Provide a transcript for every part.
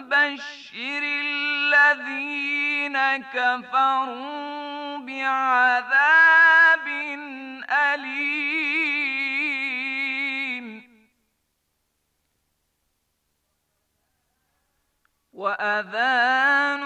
وبشر الذين كفروا بعذاب أليم وأذان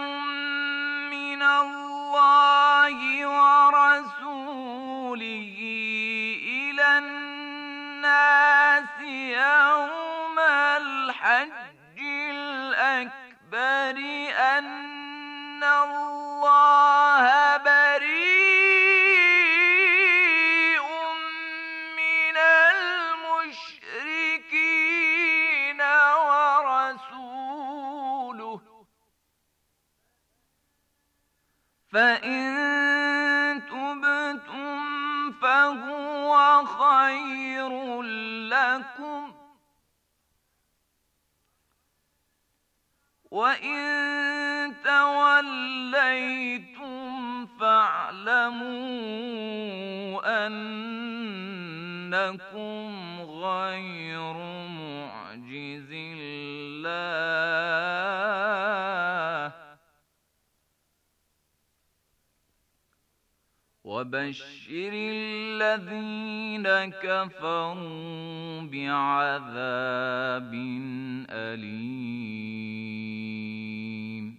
kafaru bi'adhabin alim.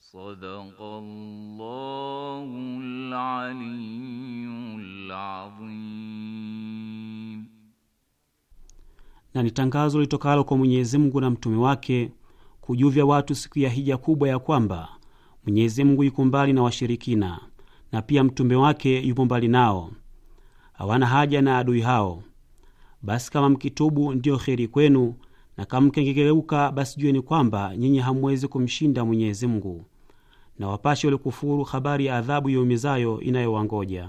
Sadaqallahul aliyyul adhim. Na ni tangazo litokalo kwa Mwenyezi Mungu na mtume wake kujuvya watu siku ya hija kubwa ya kwamba Mwenyezi Mungu yuko mbali na washirikina na pia mtume wake yupo mbali nao hawana haja na adui hao. Basi kama mkitubu ndiyo kheri kwenu, na kama mkengeuka, basi jueni kwamba nyinyi hamwezi kumshinda Mwenyezi Mungu, na wapashe walikufuru habari ya adhabu yaumizayo inayowangoja.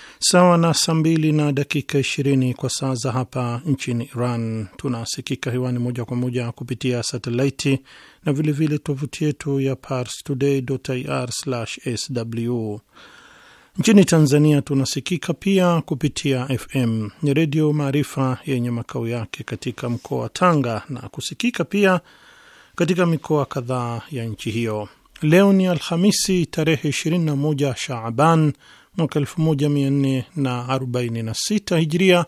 sawa na saa mbili na dakika ishirini kwa saa za hapa nchini Iran. Tunasikika hewani moja kwa moja kupitia satelaiti na vilevile tovuti yetu ya ir sw Nchini Tanzania tunasikika pia kupitia FM ni Redio Maarifa yenye makao yake katika mkoa wa Tanga na kusikika pia katika mikoa kadhaa ya nchi hiyo. Leo ni Alhamisi tarehe 21 Shaaban mwaka 1446 hijria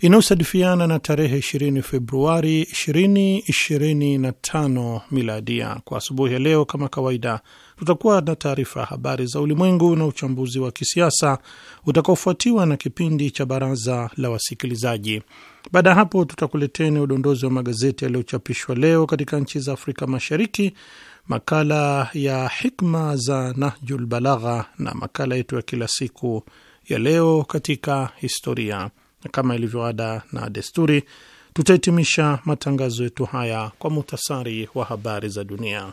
inayosadifiana na tarehe 20 Februari 2025 miladia. Kwa asubuhi ya leo, kama kawaida, tutakuwa na taarifa ya habari za ulimwengu na uchambuzi wa kisiasa utakaofuatiwa na kipindi cha baraza la wasikilizaji. Baada ya hapo, tutakuleteni udondozi wa magazeti yaliyochapishwa leo katika nchi za Afrika Mashariki makala ya hikma za Nahjul Balagha na makala yetu ya kila siku ya leo katika historia, na kama ilivyoada na desturi tutahitimisha matangazo yetu haya kwa muhtasari wa habari za dunia.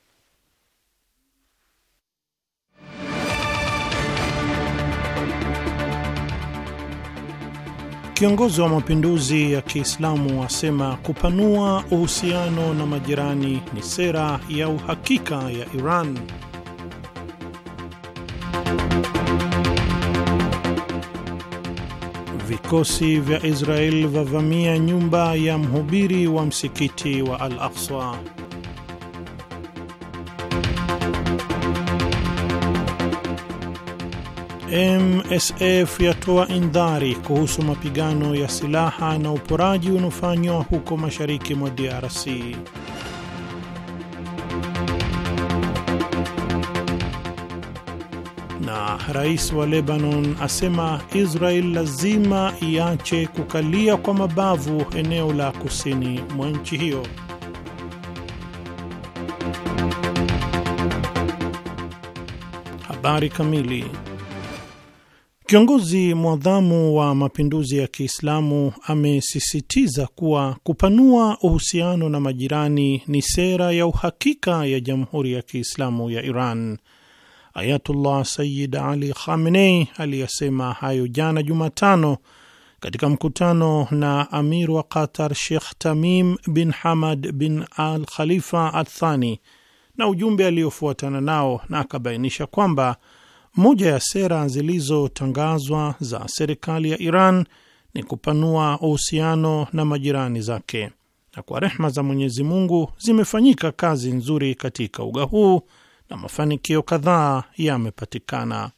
Kiongozi wa mapinduzi ya Kiislamu asema kupanua uhusiano na majirani ni sera ya uhakika ya Iran. Vikosi vya Israel vavamia nyumba ya mhubiri wa msikiti wa Al-Aqsa. MSF yatoa indhari kuhusu mapigano ya silaha na uporaji unaofanywa huko mashariki mwa DRC. Na rais wa Lebanon asema Israel lazima iache kukalia kwa mabavu eneo la kusini mwa nchi hiyo. Habari kamili Kiongozi mwadhamu wa mapinduzi ya Kiislamu amesisitiza kuwa kupanua uhusiano na majirani ni sera ya uhakika ya Jamhuri ya Kiislamu ya Iran. Ayatullah Sayyid Ali Khamenei aliyasema hayo jana Jumatano katika mkutano na amir wa Qatar Sheikh Tamim bin Hamad bin Al Khalifa Athani na ujumbe aliyofuatana nao, na akabainisha kwamba moja ya sera zilizotangazwa za serikali ya Iran ni kupanua uhusiano na majirani zake, na kwa rehma za Mwenyezi Mungu zimefanyika kazi nzuri katika uga huu na mafanikio kadhaa yamepatikana.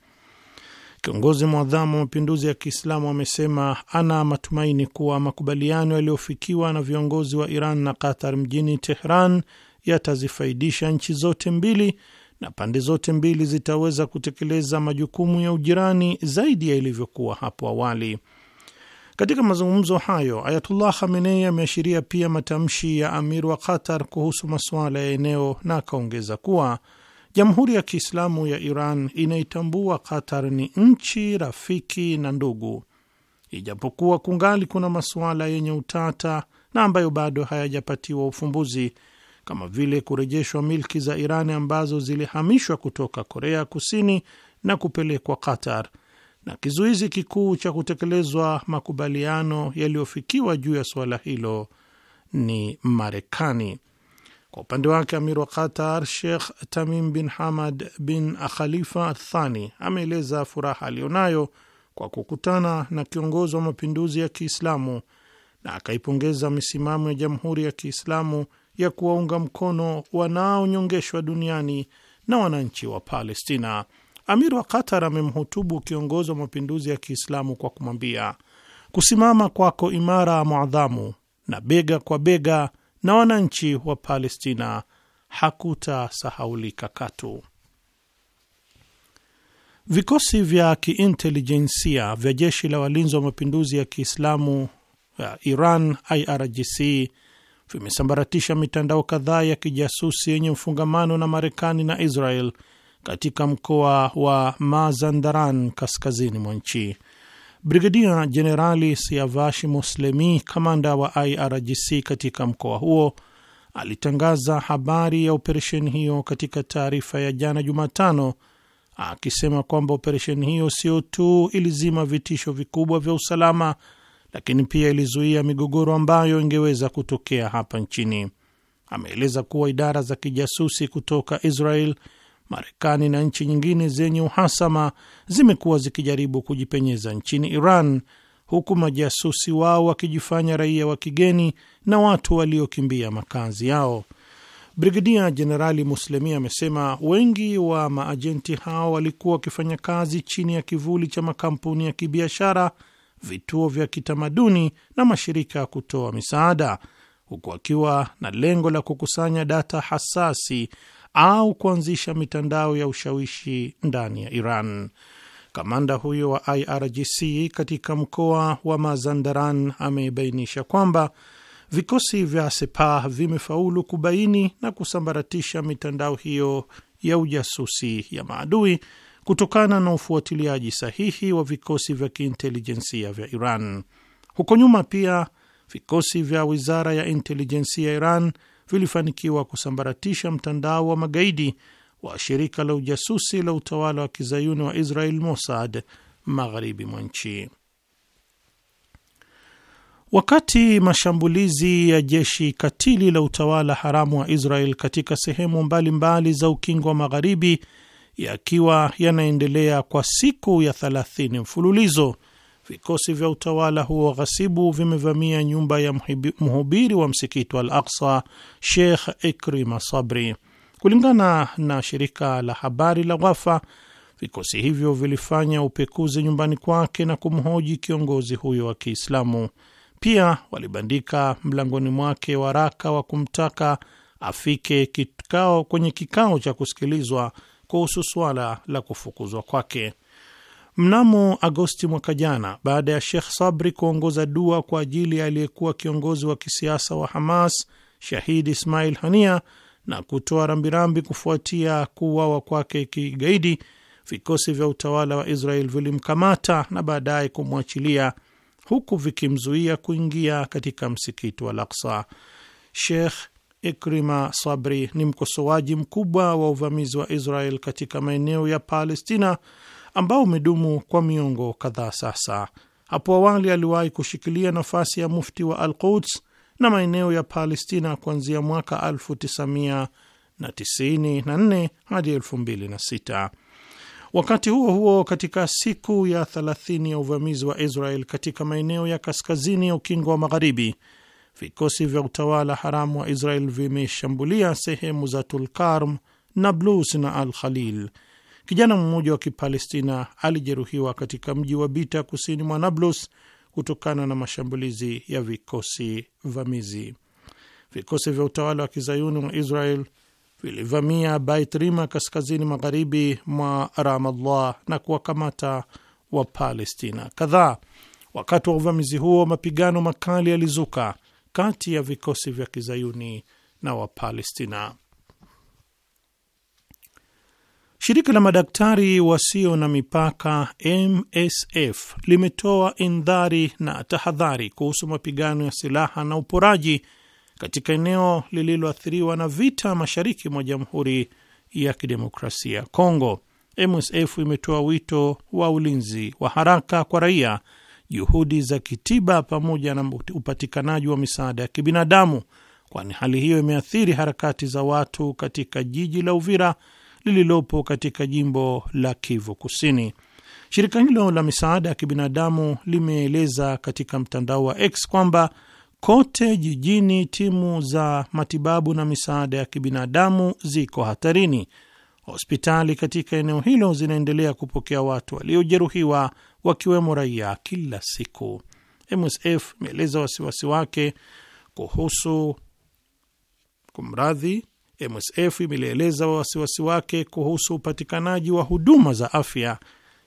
Kiongozi mwadhamu wa mapinduzi ya Kiislamu amesema ana matumaini kuwa makubaliano yaliyofikiwa na viongozi wa Iran na Qatar mjini Tehran yatazifaidisha nchi zote mbili na pande zote mbili zitaweza kutekeleza majukumu ya ujirani zaidi ya ilivyokuwa hapo awali. Katika mazungumzo hayo, Ayatullah Khamenei ameashiria pia matamshi ya amir wa Qatar kuhusu masuala ya eneo na akaongeza kuwa Jamhuri ya Kiislamu ya Iran inaitambua Qatar ni nchi rafiki na ndugu, ijapokuwa kungali kuna masuala yenye utata na ambayo bado hayajapatiwa ufumbuzi kama vile kurejeshwa milki za Iran ambazo zilihamishwa kutoka Korea Kusini na kupelekwa Qatar, na kizuizi kikuu cha kutekelezwa makubaliano yaliyofikiwa juu ya suala hilo ni Marekani. Kwa upande wake amir wa Qatar Sheikh Tamim bin Hamad bin Khalifa Athani ameeleza furaha aliyonayo kwa kukutana na kiongozi wa mapinduzi ya Kiislamu na akaipongeza misimamo ya Jamhuri ya Kiislamu ya kuwaunga mkono wanaonyongeshwa duniani na wananchi wa Palestina. Amir wa Qatar amemhutubu kiongozi wa mapinduzi ya Kiislamu kwa kumwambia, kusimama kwako imara mwadhamu na bega kwa bega na wananchi wa Palestina hakutasahaulika katu. Vikosi vya kiintelijensia vya jeshi la walinzi wa mapinduzi ya Kiislamu ya uh, Iran, IRGC, vimesambaratisha mitandao kadhaa ya kijasusi yenye mfungamano na Marekani na Israel katika mkoa wa Mazandaran kaskazini mwa nchi. Brigedia Jenerali Siavashi Moslemi, kamanda wa IRGC katika mkoa huo, alitangaza habari ya operesheni hiyo katika taarifa ya jana Jumatano, akisema kwamba operesheni hiyo sio tu ilizima vitisho vikubwa vya usalama lakini pia ilizuia migogoro ambayo ingeweza kutokea hapa nchini. Ameeleza kuwa idara za kijasusi kutoka Israel, Marekani na nchi nyingine zenye uhasama zimekuwa zikijaribu kujipenyeza nchini Iran, huku majasusi wao wakijifanya raia wa kigeni na watu waliokimbia makazi yao. Brigadia Jenerali Muslemi amesema wengi wa maajenti hao walikuwa wakifanya kazi chini ya kivuli cha makampuni ya kibiashara vituo vya kitamaduni na mashirika ya kutoa misaada, huku akiwa na lengo la kukusanya data hasasi au kuanzisha mitandao ya ushawishi ndani ya Iran. Kamanda huyo wa IRGC katika mkoa wa Mazandaran amebainisha kwamba vikosi vya Sepah vimefaulu kubaini na kusambaratisha mitandao hiyo ya ujasusi ya maadui kutokana na ufuatiliaji sahihi wa vikosi vya kiintelijensia vya Iran. Huko nyuma pia vikosi vya wizara ya intelijensia ya Iran vilifanikiwa kusambaratisha mtandao wa magaidi wa shirika la ujasusi la utawala wa kizayuni wa Israel, Mossad, magharibi mwa nchi. Wakati mashambulizi ya jeshi katili la utawala haramu wa Israel katika sehemu mbalimbali mbali za ukingo wa magharibi yakiwa yanaendelea kwa siku ya 30 mfululizo, vikosi vya utawala huo ghasibu vimevamia nyumba ya mhubiri wa msikiti wa Al Aksa, Sheikh Ikrima Sabri. Kulingana na shirika la habari la Wafa, vikosi hivyo vilifanya upekuzi nyumbani kwake na kumhoji kiongozi huyo wa Kiislamu. Pia walibandika mlangoni mwake waraka wa kumtaka afike kikao, kwenye kikao cha kusikilizwa kuhusu suala la kufukuzwa kwake. Mnamo Agosti mwaka jana, baada ya Shekh Sabri kuongoza dua kwa ajili ya aliyekuwa kiongozi wa kisiasa wa Hamas Shahid Ismail Hania na kutoa rambirambi kufuatia kuuawa kwake kigaidi, vikosi vya utawala wa Israel vilimkamata na baadaye kumwachilia huku vikimzuia kuingia katika msikiti wa Laksa. Shekh Ikrima Sabri ni mkosoaji mkubwa wa uvamizi wa Israel katika maeneo ya Palestina ambao umedumu kwa miongo kadhaa sasa. Hapo awali aliwahi kushikilia nafasi ya mufti wa Al Quds na maeneo ya Palestina kuanzia mwaka 1994 hadi 2006. Wakati huo huo, katika siku ya 30 ya uvamizi wa Israel katika maeneo ya kaskazini ya ukingo wa magharibi vikosi vya utawala haramu wa Israel vimeshambulia sehemu za Tulkarm, Nablus na Al Khalil. Kijana mmoja wa Kipalestina alijeruhiwa katika mji wa Bita, kusini mwa Nablus, kutokana na mashambulizi ya vikosi vamizi. Vikosi vya utawala wa kizayuni wa Israel vilivamia Bait Rima, kaskazini magharibi mwa Ramallah, na kuwakamata Wapalestina kadhaa. Wakati wa uvamizi huo, mapigano makali yalizuka kati ya vikosi vya kizayuni na Wapalestina. Shirika la madaktari wasio na mipaka MSF limetoa indhari na tahadhari kuhusu mapigano ya silaha na uporaji katika eneo lililoathiriwa na vita mashariki mwa Jamhuri ya Kidemokrasia ya Kongo. MSF imetoa wito wa ulinzi wa haraka kwa raia juhudi za kitiba pamoja na upatikanaji wa misaada ya kibinadamu, kwani hali hiyo imeathiri harakati za watu katika jiji la Uvira lililopo katika jimbo la Kivu Kusini. Shirika hilo la misaada ya kibinadamu limeeleza katika mtandao wa X kwamba kote jijini timu za matibabu na misaada ya kibinadamu ziko hatarini. Hospitali katika eneo hilo zinaendelea kupokea watu waliojeruhiwa wakiwemo raia kila siku. MSF imeeleza wasiwasi wake kuhusu kumradhi, MSF imelieleza wasiwasi wake kuhusu upatikanaji wa huduma za afya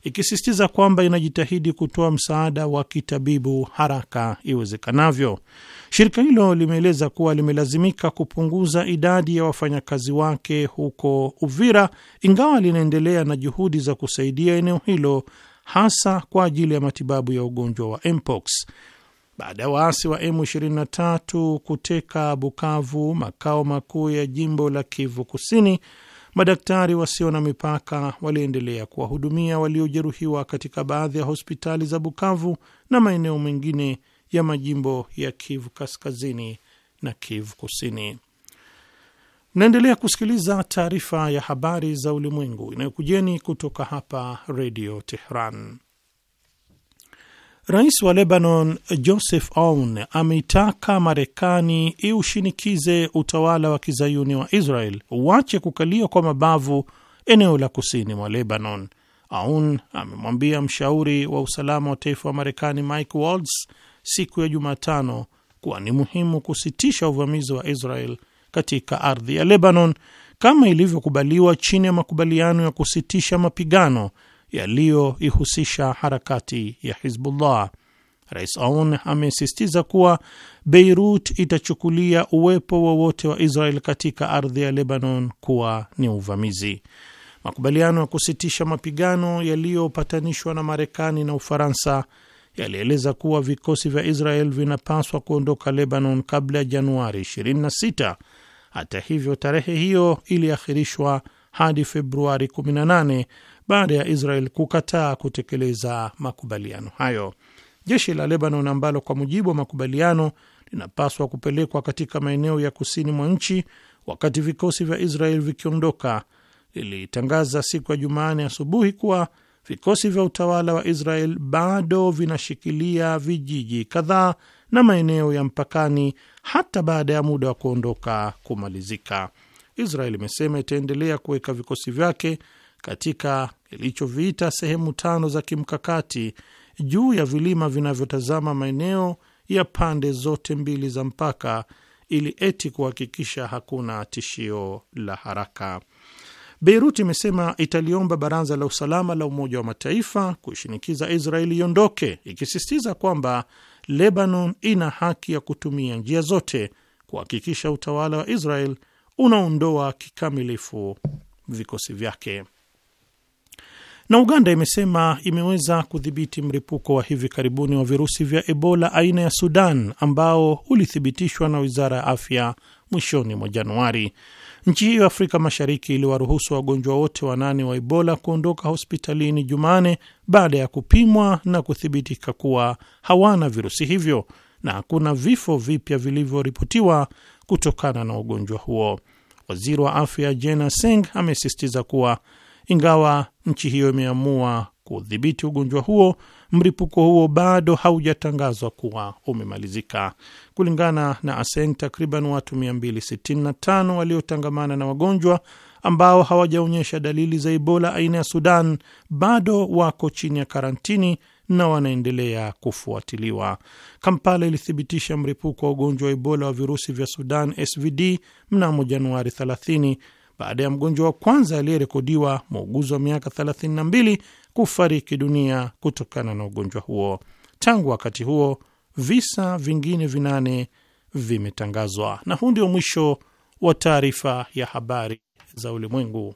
ikisisitiza kwamba inajitahidi kutoa msaada wa kitabibu haraka iwezekanavyo. Shirika hilo limeeleza kuwa limelazimika kupunguza idadi ya wafanyakazi wake huko Uvira, ingawa linaendelea na juhudi za kusaidia eneo hilo hasa kwa ajili ya matibabu ya ugonjwa wa mpox. Baada ya waasi wa M23 kuteka Bukavu, makao makuu ya jimbo la Kivu Kusini, madaktari wasio na mipaka waliendelea kuwahudumia waliojeruhiwa katika baadhi ya hospitali za Bukavu na maeneo mengine ya majimbo ya Kivu Kaskazini na Kivu Kusini naendelea kusikiliza taarifa ya habari za ulimwengu inayokujeni kutoka hapa redio Tehran. Rais wa Lebanon Joseph Aoun ameitaka Marekani iushinikize utawala wa kizayuni wa Israel uache kukalia kwa mabavu eneo la kusini mwa Lebanon. Aoun amemwambia mshauri wa usalama wa taifa wa Marekani Mike Waltz siku ya Jumatano kuwa ni muhimu kusitisha uvamizi wa Israel katika ardhi ya Lebanon kama ilivyokubaliwa chini ya makubaliano ya kusitisha mapigano yaliyoihusisha harakati ya Hizbullah. Rais Aoun amesisitiza kuwa Beirut itachukulia uwepo wowote wa, wa Israel katika ardhi ya Lebanon kuwa ni uvamizi. Makubaliano ya kusitisha mapigano yaliyopatanishwa na Marekani na Ufaransa yalieleza kuwa vikosi vya Israel vinapaswa kuondoka Lebanon kabla ya Januari 26 hata hivyo, tarehe hiyo iliahirishwa hadi Februari 18 baada ya Israel kukataa kutekeleza makubaliano hayo. Jeshi la Lebanon ambalo kwa mujibu wa makubaliano linapaswa kupelekwa katika maeneo ya kusini mwa nchi wakati vikosi vya Israel vikiondoka, lilitangaza siku ya Jumanne asubuhi kuwa vikosi vya utawala wa Israel bado vinashikilia vijiji kadhaa na maeneo ya mpakani hata baada ya muda wa kuondoka kumalizika. Israel imesema itaendelea kuweka vikosi vyake katika ilichoviita sehemu tano za kimkakati juu ya vilima vinavyotazama maeneo ya pande zote mbili za mpaka ili eti kuhakikisha hakuna tishio la haraka. Beirut imesema italiomba Baraza la Usalama la Umoja wa Mataifa kuishinikiza Israeli iondoke, ikisisitiza kwamba Lebanon ina haki ya kutumia njia zote kuhakikisha utawala wa Israel unaondoa kikamilifu vikosi vyake. Na Uganda imesema imeweza kudhibiti mlipuko wa hivi karibuni wa virusi vya Ebola aina ya Sudan ambao ulithibitishwa na wizara ya afya mwishoni mwa Januari. Nchi hiyo Afrika Mashariki iliwaruhusu wagonjwa wote wanane wa Ebola kuondoka hospitalini Jumane baada ya kupimwa na kuthibitika kuwa hawana virusi hivyo na hakuna vifo vipya vilivyoripotiwa kutokana na ugonjwa huo. Waziri wa afya Jena Seng amesisitiza kuwa ingawa nchi hiyo imeamua kudhibiti ugonjwa huo mripuko huo bado haujatangazwa kuwa umemalizika. Kulingana na ASEN, takriban watu 265 waliotangamana na wagonjwa ambao hawajaonyesha dalili za Ebola aina ya Sudan bado wako chini ya karantini na wanaendelea kufuatiliwa. Kampala ilithibitisha mripuko wa ugonjwa wa Ebola wa virusi vya Sudan SVD mnamo Januari 30 baada ya mgonjwa wa kwanza aliyerekodiwa, muuguzi wa miaka 32, kufariki dunia kutokana na ugonjwa huo. Tangu wakati huo visa vingine vinane vimetangazwa. Na huu ndio mwisho wa taarifa ya habari za ulimwengu.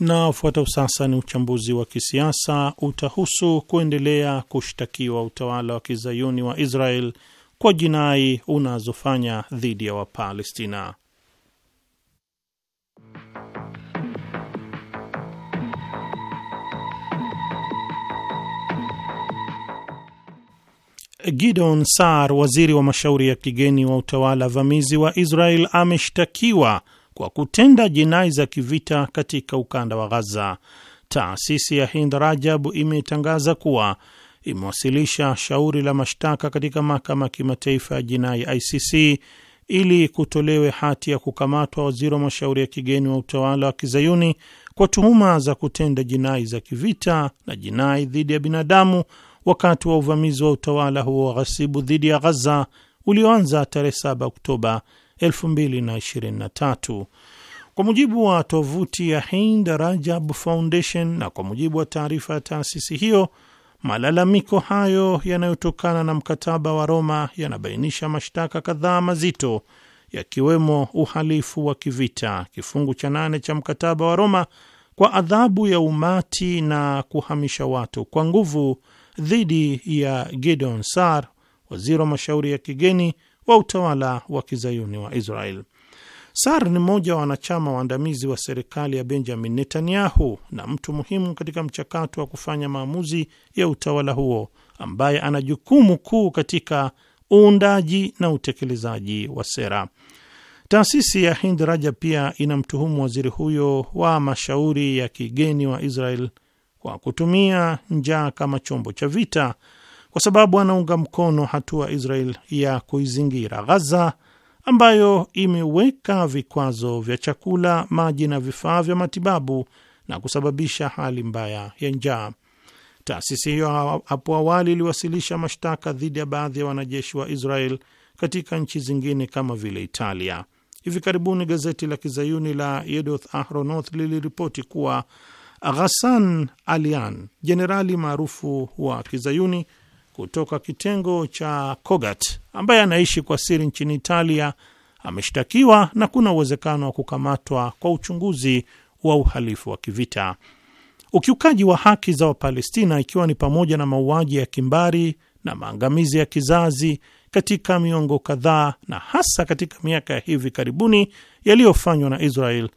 Na ufuatao sasa ni uchambuzi wa kisiasa utahusu kuendelea kushtakiwa utawala wa kizayuni wa Israel kwa jinai unazofanya dhidi ya Wapalestina. Gideon sar waziri wa mashauri ya kigeni wa utawala vamizi wa Israel, ameshtakiwa kwa kutenda jinai za kivita katika ukanda wa Ghaza. Taasisi ya Hind rajab imetangaza kuwa imewasilisha shauri la mashtaka katika mahakama ya kimataifa ya jinai ICC ili kutolewe hati ya kukamatwa waziri wa mashauri ya kigeni wa utawala wa kizayuni kwa tuhuma za kutenda jinai za kivita na jinai dhidi ya binadamu wakati wa uvamizi wa utawala huo wa ghasibu dhidi ya Ghaza ulioanza tarehe 7 Oktoba 2023 kwa mujibu wa tovuti ya Hind Rajab Foundation. Na kwa mujibu wa taarifa ya taasisi hiyo, malalamiko hayo yanayotokana na mkataba wa Roma yanabainisha mashtaka kadhaa mazito yakiwemo uhalifu wa kivita, kifungu cha nane cha mkataba wa Roma kwa adhabu ya umati na kuhamisha watu kwa nguvu dhidi ya Gideon Sar, waziri wa mashauri ya kigeni wa utawala wa kizayuni wa Israel. Sar ni mmoja wa wanachama waandamizi wa serikali ya Benjamin Netanyahu na mtu muhimu katika mchakato wa kufanya maamuzi ya utawala huo, ambaye ana jukumu kuu katika uundaji na utekelezaji wa sera. Taasisi ya Hind Raja pia inamtuhumu waziri huyo wa mashauri ya kigeni wa Israel kwa kutumia njaa kama chombo cha vita kwa sababu anaunga mkono hatua Israel ya kuizingira Ghaza ambayo imeweka vikwazo vya chakula, maji na vifaa vya matibabu na kusababisha hali mbaya ya njaa. Taasisi hiyo hapo awali iliwasilisha mashtaka dhidi ya baadhi ya wanajeshi wa Israel katika nchi zingine kama vile Italia. Hivi karibuni gazeti la kizayuni la Yedoth Ahronoth liliripoti kuwa Ghassan Alian, jenerali maarufu wa kizayuni kutoka kitengo cha Kogat ambaye anaishi kwa siri nchini Italia ameshtakiwa na kuna uwezekano wa kukamatwa kwa uchunguzi wa uhalifu wa kivita, ukiukaji wa haki za Wapalestina, ikiwa ni pamoja na mauaji ya kimbari na maangamizi ya kizazi katika miongo kadhaa na hasa katika miaka ya hivi karibuni yaliyofanywa na Israel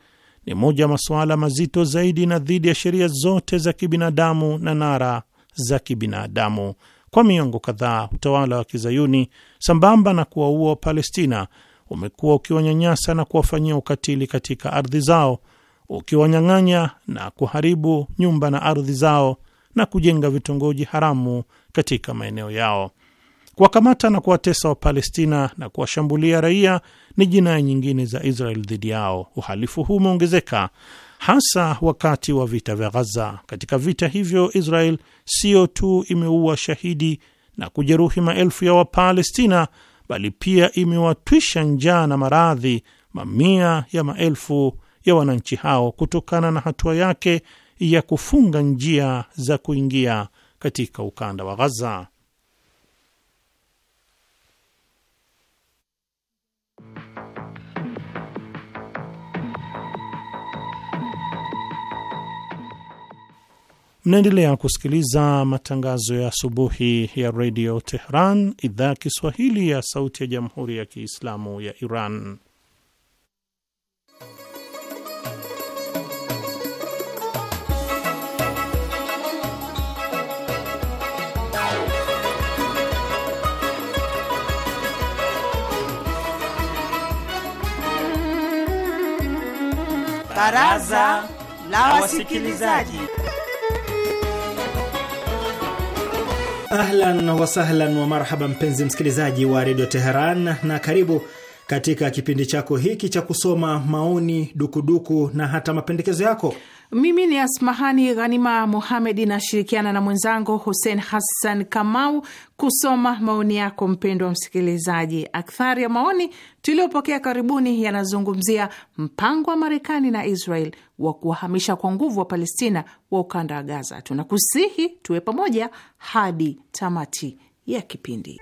ni moja ya masuala mazito zaidi na dhidi ya sheria zote za kibinadamu na nara za kibinadamu kwa miongo kadhaa utawala wa kizayuni sambamba na kuwaua Wapalestina umekuwa ukiwanyanyasa na kuwafanyia ukatili katika ardhi zao, ukiwanyang'anya na kuharibu nyumba na ardhi zao na kujenga vitongoji haramu katika maeneo yao. Kuwakamata na kuwatesa Wapalestina na kuwashambulia raia ni jinai nyingine za Israel dhidi yao. Uhalifu huu umeongezeka hasa wakati wa vita vya Ghaza. Katika vita hivyo, Israel siyo tu imeua shahidi na kujeruhi maelfu ya Wapalestina, bali pia imewatwisha njaa na maradhi mamia ya maelfu ya wananchi hao kutokana na hatua yake ya kufunga njia za kuingia katika ukanda wa Ghaza. Mnaendelea kusikiliza matangazo ya asubuhi ya redio Tehran, idhaa ya Kiswahili ya sauti ya jamhuri ya Kiislamu ya Iran. Baraza la Wasikilizaji. Ahlan wasahlan wa marhaba, mpenzi msikilizaji wa redio Teheran, na karibu katika kipindi chako hiki cha kusoma maoni, dukuduku na hata mapendekezo yako mimi ni Asmahani Ghanima Muhamedi, nashirikiana na mwenzangu Hussein Hassan Kamau kusoma maoni yako mpendwa msikilizaji. Akthari ya maoni tuliyopokea karibuni yanazungumzia mpango wa Marekani na Israel wa kuwahamisha kwa nguvu wa Palestina wa ukanda wa Gaza. Tunakusihi tuwe pamoja hadi tamati ya kipindi.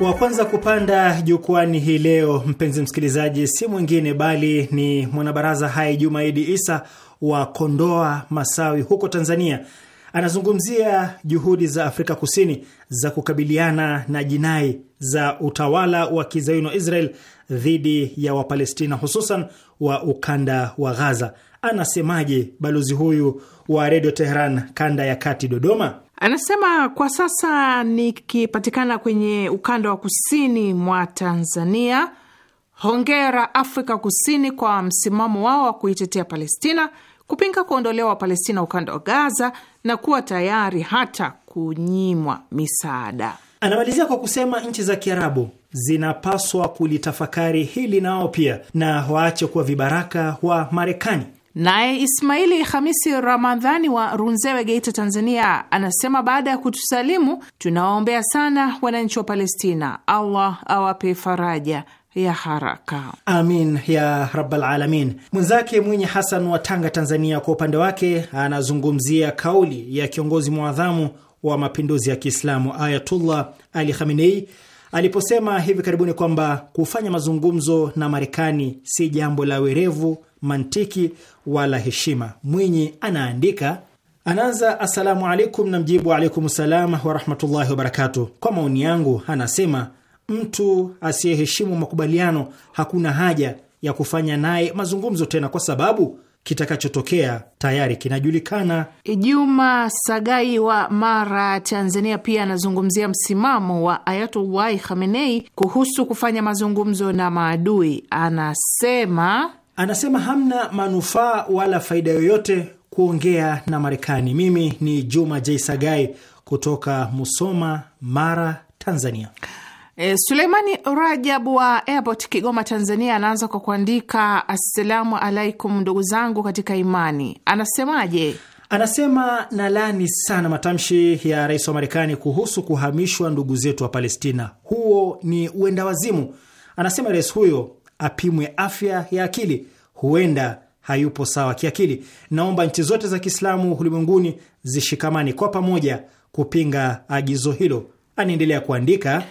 Wa kwanza kupanda jukwani hii leo, mpenzi msikilizaji, si mwingine bali ni mwanabaraza hai Jumaidi Isa wa Kondoa Masawi huko Tanzania. Anazungumzia juhudi za Afrika Kusini za kukabiliana na jinai za utawala wa kizayuni wa Israel dhidi ya Wapalestina, hususan wa ukanda wa Ghaza. Anasemaje balozi huyu wa Redio Teheran kanda ya kati Dodoma? Anasema kwa sasa nikipatikana kwenye ukanda wa kusini mwa Tanzania. Hongera Afrika Kusini kwa msimamo wao wa kuitetea Palestina, kupinga kuondolewa Wapalestina ukanda wa Gaza na kuwa tayari hata kunyimwa misaada. Anamalizia kwa kusema nchi za Kiarabu zinapaswa kulitafakari hili nao pia na waache kuwa vibaraka wa Marekani. Naye Ismaili Hamisi Ramadhani wa Runzewe, Geita, Tanzania, anasema baada ya kutusalimu, tunawaombea sana wananchi wa Palestina, Allah awape faraja ya haraka amin ya rabbal alamin. Mwenzake Mwinyi Hasan wa Tanga, Tanzania, kwa upande wake anazungumzia kauli ya kiongozi mwadhamu wa mapinduzi ya Kiislamu Ayatullah Ali Khamenei aliposema hivi karibuni kwamba kufanya mazungumzo na Marekani si jambo la werevu, mantiki wala heshima. Mwinyi anaandika anaanza assalamu alaikum na mjibu alaikum salam warahmatullahi wabarakatu. Kwa maoni yangu, anasema mtu asiyeheshimu makubaliano hakuna haja ya kufanya naye mazungumzo tena, kwa sababu kitakachotokea tayari kinajulikana. E, Juma Sagai wa Mara, Tanzania, pia anazungumzia msimamo wa Ayatullahi Khamenei kuhusu kufanya mazungumzo na maadui. Anasema anasema hamna manufaa wala faida yoyote kuongea na Marekani. Mimi ni Juma J Sagai kutoka Musoma, Mara, Tanzania. E, Suleimani Rajabu wa Airport Kigoma, Tanzania anaanza kwa kuandika assalamu alaikum, ndugu zangu katika imani. Anasemaje? Anasema nalani sana matamshi ya rais wa Marekani kuhusu kuhamishwa ndugu zetu wa Palestina. Huo ni uenda wazimu. Anasema rais huyo apimwe afya ya akili, huenda hayupo sawa kiakili. Naomba nchi zote za Kiislamu ulimwenguni zishikamani kwa pamoja kupinga agizo hilo. Anaendelea kuandika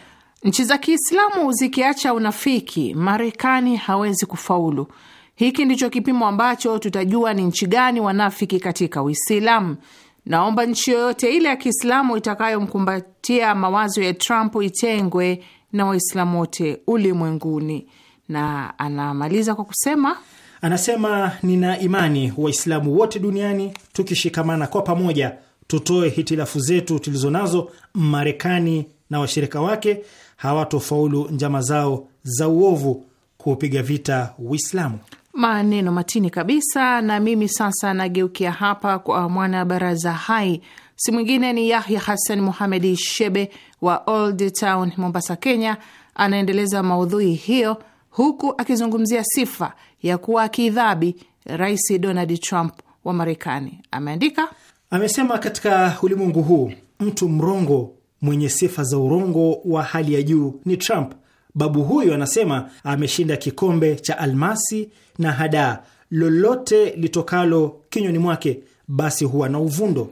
Nchi za Kiislamu zikiacha unafiki, Marekani hawezi kufaulu. Hiki ndicho kipimo ambacho tutajua ni nchi gani wanafiki katika Uislamu. Naomba nchi yoyote ile ya Kiislamu itakayomkumbatia mawazo ya Trump itengwe na Waislamu wote ulimwenguni. Na anamaliza kwa kusema anasema, nina imani Waislamu wote duniani tukishikamana kwa pamoja, tutoe hitilafu zetu tulizo nazo Marekani na washirika wake hawatofaulu njama zao za uovu kuupiga vita Uislamu. Maneno matini kabisa. Na mimi sasa nageukia hapa kwa mwana baraza hai, si mwingine ni Yahya Hassan Muhamedi Shebe wa Old Town, Mombasa, Kenya. Anaendeleza maudhui hiyo huku akizungumzia sifa ya kuwa akidhabi Rais Donald Trump wa Marekani. Ameandika, amesema katika ulimwengu huu mtu mrongo mwenye sifa za urongo wa hali ya juu ni Trump. Babu huyu anasema ameshinda kikombe cha almasi na hadaa, lolote litokalo kinywani mwake basi huwa na uvundo.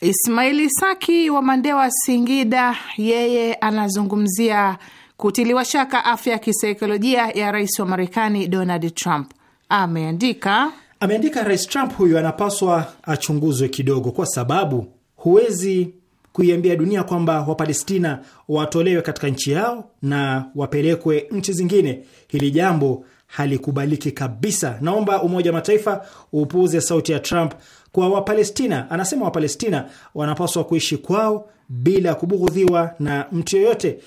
Ismaili Saki wa Mandewa, Singida, yeye anazungumzia kutiliwa shaka afya ya kisaikolojia ya rais wa Marekani Donald Trump. Ameandika ameandika, Rais Trump huyu anapaswa achunguzwe kidogo, kwa sababu huwezi kuiambia dunia kwamba Wapalestina watolewe katika nchi yao na wapelekwe nchi zingine. Hili jambo halikubaliki kabisa. Naomba Umoja wa Mataifa upuuze sauti ya Trump kwa Wapalestina. Anasema Wapalestina wanapaswa kuishi kwao bila kubughudhiwa na mtu yoyote.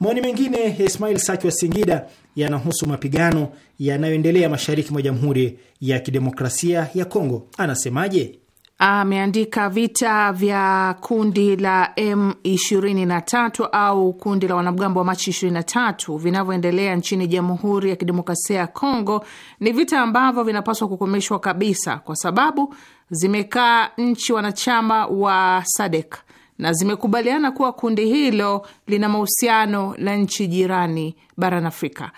Maoni mengine ya Ismail Saki wa Singida yanahusu mapigano yanayoendelea mashariki mwa Jamhuri ya Kidemokrasia ya Kongo. Anasemaje? ameandika vita vya kundi la M23 au kundi la wanamgambo wa Machi 23 vinavyoendelea nchini Jamhuri ya Kidemokrasia ya Kongo ni vita ambavyo vinapaswa kukomeshwa kabisa, kwa sababu zimekaa nchi wanachama wa SADC na zimekubaliana kuwa kundi hilo lina mahusiano na nchi jirani barani Afrika.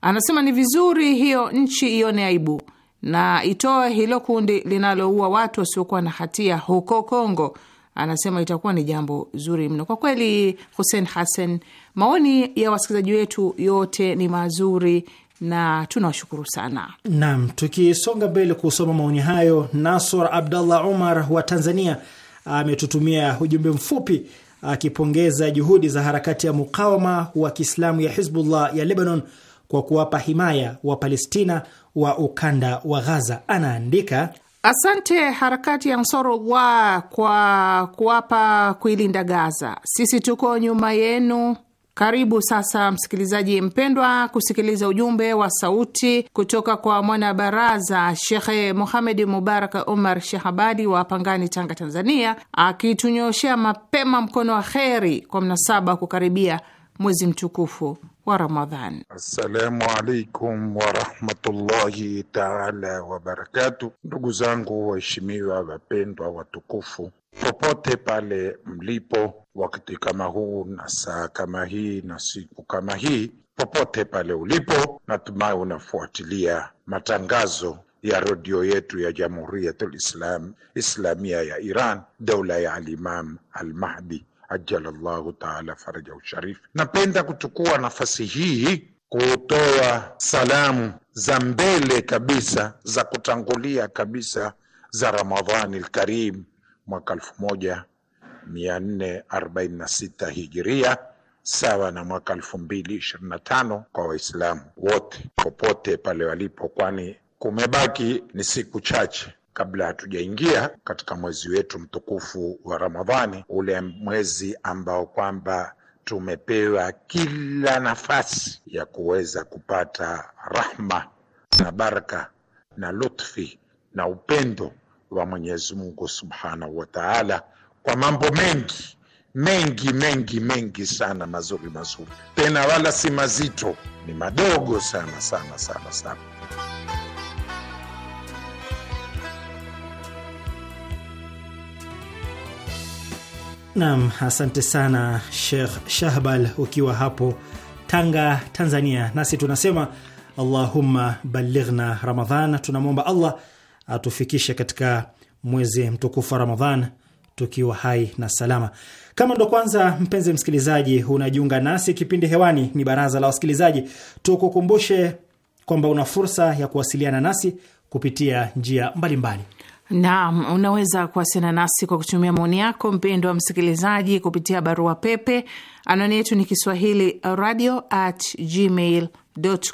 Anasema ni vizuri hiyo nchi ione aibu na itoe hilo kundi linaloua watu wasiokuwa na hatia huko Kongo. Anasema itakuwa ni jambo zuri mno kwa kweli. Hussein Hassan, maoni ya wasikilizaji wetu yote ni mazuri na tunawashukuru sana. Naam, tukisonga mbele kusoma maoni hayo, Nasor Abdallah umar wa Tanzania ametutumia ujumbe mfupi akipongeza juhudi za harakati ya mukawama wa Kiislamu ya Hizbullah ya Lebanon kwa kuwapa himaya wa Palestina wa ukanda wa Ghaza. Anaandika, asante harakati ya Ansarullah kwa kuwapa kuilinda Gaza. Sisi tuko nyuma yenu. Karibu sasa msikilizaji mpendwa, kusikiliza ujumbe wa sauti kutoka kwa mwanabaraza Shekhe Muhamedi Mubaraka Omar Shehabadi wa Pangani, Tanga, Tanzania, akitunyoshea mapema mkono wa kheri kwa mnasaba wa kukaribia mwezi mtukufu wa Ramadhan. Assalamu alaikum warahmatullahi taala wabarakatu. Ndugu zangu waheshimiwa, wapendwa, watukufu, popote pale mlipo, wakati kama huu na saa kama hii na siku kama hii, popote pale ulipo, natumai unafuatilia matangazo ya redio yetu ya Jamhuriyatul Islam Islamia ya Iran, daula ya Alimam Almahdi ajalallahu taala farajahu sharif. Napenda kuchukua nafasi hii kutoa salamu za mbele kabisa za kutangulia kabisa za Ramadhani lkarim mwaka elfu moja mia sita hijiria sawa na mwaka elfu na tano kwa Waislamu wote popote pale walipo, kwani kumebaki ni siku chache kabla hatujaingia katika mwezi wetu mtukufu wa Ramadhani, ule mwezi ambao kwamba tumepewa kila nafasi ya kuweza kupata rahma na baraka na lutfi na upendo wa Mwenyezi Mungu Subhanahu wa Ta'ala kwa mambo mengi mengi mengi mengi sana mazuri mazuri, tena wala si mazito, ni madogo sana sana sana sana. Naam, asante sana Sheikh Shahbal, ukiwa hapo Tanga, Tanzania. Nasi tunasema Allahumma balighna Ramadhan, tunamwomba Allah atufikishe katika mwezi mtukufu wa Ramadhan tukiwa hai na salama. Kama ndo kwanza mpenzi msikilizaji unajiunga nasi, kipindi hewani ni baraza la wasikilizaji. Tukukumbushe kwamba una fursa ya kuwasiliana nasi kupitia njia mbalimbali mbali. Naam, unaweza kuwasiliana nasi kwa kutumia maoni yako, mpendo wa msikilizaji, kupitia barua pepe. Anwani yetu ni kiswahili radio at gmail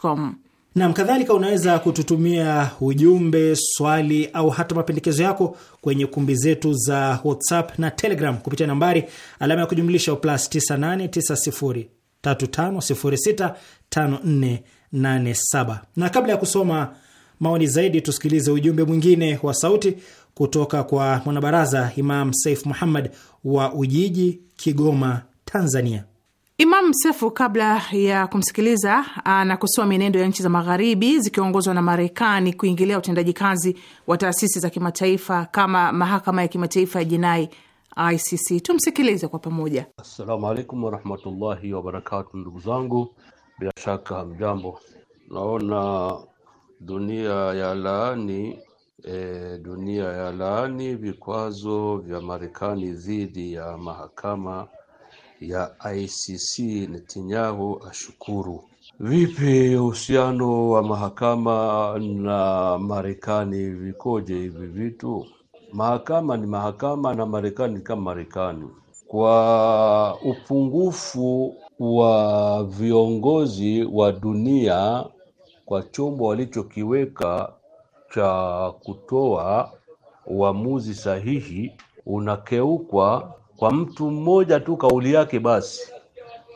com. Nam kadhalika, unaweza kututumia ujumbe, swali au hata mapendekezo yako kwenye kumbi zetu za WhatsApp na Telegram kupitia nambari alama ya kujumlisha plus 989035065487 na kabla ya kusoma maoni zaidi, tusikilize ujumbe mwingine wa sauti kutoka kwa mwanabaraza Imam Saif Muhammad wa Ujiji, Kigoma, Tanzania. Imam Sefu, kabla ya kumsikiliza, anakosoa mienendo ya nchi za Magharibi zikiongozwa na Marekani kuingilia utendaji kazi wa taasisi za kimataifa kama mahakama ya kimataifa ya jinai ICC. Tumsikilize kwa pamoja. Assalamu alaikum warahmatullahi wabarakatu, ndugu zangu, bila shaka mjambo. Naona dunia ya laani e, dunia ya laani vikwazo vya Marekani dhidi ya mahakama ya ICC. Netanyahu ashukuru. Vipi uhusiano wa mahakama na Marekani vikoje? Hivi vitu mahakama ni mahakama na Marekani kama Marekani. Kwa upungufu wa viongozi wa dunia kwa chombo walichokiweka cha kutoa uamuzi sahihi unakeukwa kwa mtu mmoja tu kauli yake basi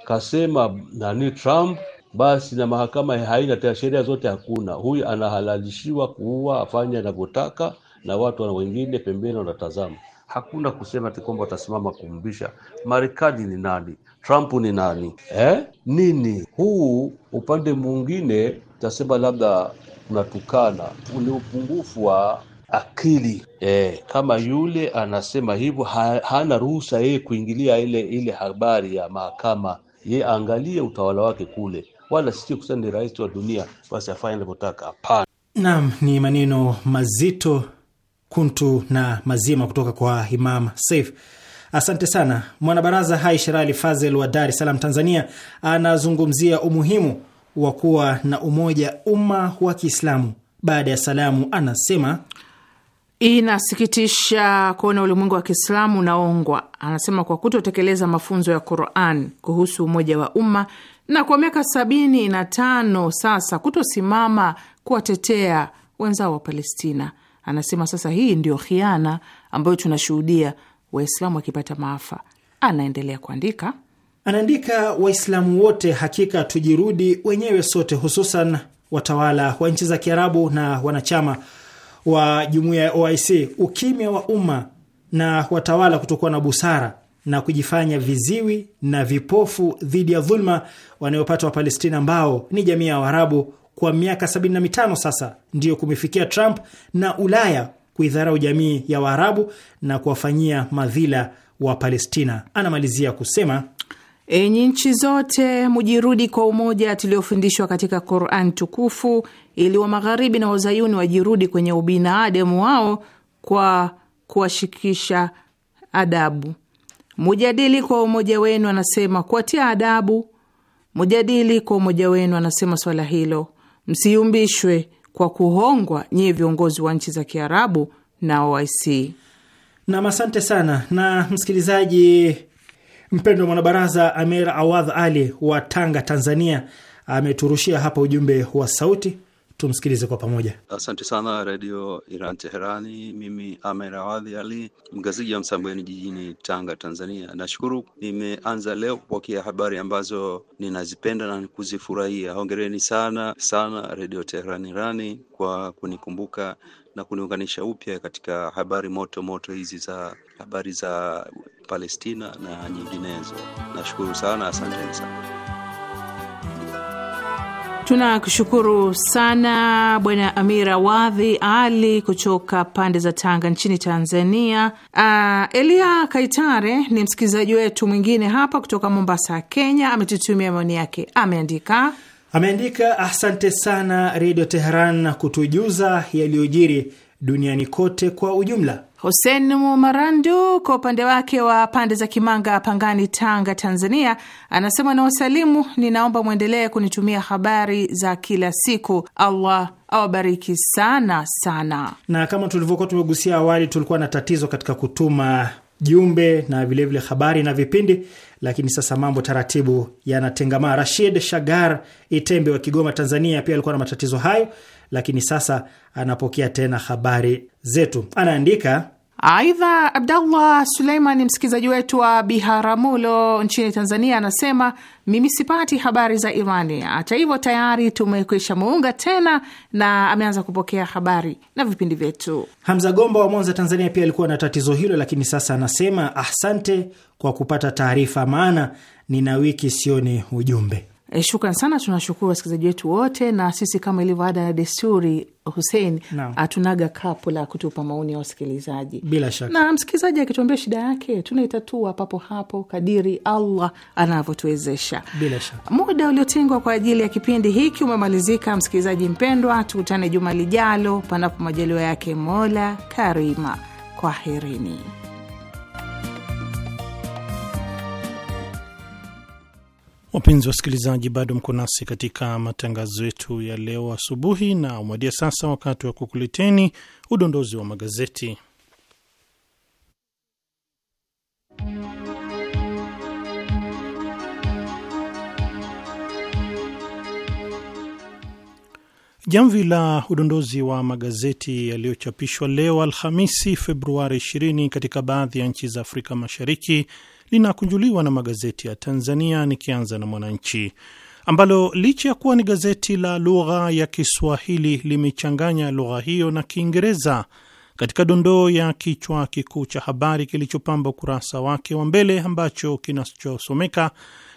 kasema nani Trump basi na mahakama haina tena sheria zote hakuna huyu anahalalishiwa kuua afanye anavyotaka na watu wengine pembeni wanatazama hakuna kusema ati kwamba watasimama kumbisha Marekani ni nani Trump ni nani eh? Nini huu upande mwingine utasema labda unatukana, ni upungufu wa akili eh. Kama yule anasema hivyo, ha, hana ruhusa yeye kuingilia ile ile habari ya mahakama. Ye angalie utawala wake kule, wala sio kusema ni rais wa dunia basi afanye anavyotaka. Hapana. Naam, ni maneno mazito kuntu na mazima kutoka kwa Imam Saif. Asante sana. Mwanabaraza Hai Sherali Fazel wa Dar es Salaam, Tanzania, anazungumzia umuhimu wa kuwa na umoja umma wa Kiislamu. Baada ya salamu, anasema inasikitisha kuona ulimwengu wa Kiislamu unaongwa. Anasema kwa kutotekeleza mafunzo ya Quran kuhusu umoja wa umma na kwa miaka sabini na tano sasa kutosimama kuwatetea wenzao wa Palestina. Anasema sasa hii ndio khiana ambayo tunashuhudia Waislamu wakipata maafa. Anaendelea kuandika, anaandika: Waislamu wote hakika tujirudi wenyewe sote, hususan watawala wa nchi za Kiarabu na wanachama wa jumuiya ya OIC. Ukimya wa umma na watawala kutokuwa na busara na kujifanya viziwi na vipofu dhidi ya dhulma wanayopata Wapalestina ambao ni jamii ya Waarabu kwa miaka 75 sasa, ndiyo kumefikia Trump na Ulaya kuidharau jamii ya Waarabu na kuwafanyia madhila wa Palestina. Anamalizia kusema Enyi nchi zote mujirudi kwa umoja tuliofundishwa katika Quran tukufu, ili wa magharibi na wazayuni wajirudi kwenye ubinadamu wao kwa kuwashikisha adabu. Mujadili kwa umoja wenu, anasema kuwatia adabu. Mujadili kwa umoja wenu, anasema swala hilo, msiumbishwe kwa kuhongwa nyie viongozi wa nchi za Kiarabu na OIC. Nam, asante sana. Na msikilizaji mpendwa, mwanabaraza Amir Awadh Ali wa Tanga, Tanzania, ameturushia hapa ujumbe wa sauti Tumsikilize kwa pamoja. Asante sana Redio Iran Teherani. Mimi Amer Awadhi Ali, mgaziji wa Msambweni jijini Tanga, Tanzania. Nashukuru nimeanza leo kupokea habari ambazo ninazipenda na kuzifurahia. Hongereni sana sana Redio Teherani Irani kwa kunikumbuka na kuniunganisha upya katika habari moto moto hizi za habari za Palestina na nyinginezo. Nashukuru sana, asanteni sana. Tunakushukuru sana Bwana amira wadhi Ali kutoka pande za Tanga nchini Tanzania. Uh, Elia Kaitare ni msikilizaji wetu mwingine hapa kutoka Mombasa, Kenya. Ametutumia maoni yake, ameandika ameandika: asante sana Redio Teheran kutujuza yaliyojiri duniani kote kwa ujumla. Hussein Mumarandu kwa upande wake wa pande za Kimanga, Pangani, Tanga, Tanzania, anasema na wasalimu, ninaomba mwendelee kunitumia habari za kila siku. Allah awabariki sana sana. Na kama tulivyokuwa tumegusia awali, tulikuwa na tatizo katika kutuma jumbe na vilevile vile habari na vipindi, lakini sasa mambo taratibu yanatengamaa. Rashid Shagar Itembe wa Kigoma, Tanzania, pia alikuwa na matatizo hayo, lakini sasa anapokea tena habari zetu. Anaandika, Aidha, Abdallah Suleiman, msikilizaji wetu wa Biharamulo nchini Tanzania, anasema mimi sipati habari za Irani. Hata hivyo, tayari tumekwisha muunga tena na ameanza kupokea habari na vipindi vyetu. Hamza Gomba wa Mwanza, Tanzania, pia alikuwa na tatizo hilo, lakini sasa anasema asante kwa kupata taarifa, maana nina wiki sione ujumbe. E, shukran sana, tunashukuru wasikilizaji wetu wote, na sisi kama ilivyo ada na desturi, Husein hatunaga kapu la kutupa maoni ya wasikilizaji. Bila shaka, na msikilizaji akituambia shida yake tunaitatua papo hapo kadiri Allah anavyotuwezesha. Bila shaka, muda uliotengwa kwa ajili ya kipindi hiki umemalizika. Msikilizaji mpendwa, tukutane juma lijalo, panapo majaliwa yake Mola Karima. Kwaherini. Wapenzi wasikilizaji, bado mko nasi katika matangazo yetu ya leo asubuhi, na umewadia sasa wakati wa kukuleteni udondozi wa magazeti. Jamvi la udondozi wa magazeti yaliyochapishwa leo Alhamisi, Februari 20 katika baadhi ya nchi za Afrika Mashariki linakunjuliwa na magazeti ya Tanzania, nikianza na Mwananchi ambalo licha ya kuwa ni gazeti la lugha ya Kiswahili limechanganya lugha hiyo na Kiingereza katika dondoo ya kichwa kikuu cha habari kilichopamba ukurasa wake wa mbele ambacho kinachosomeka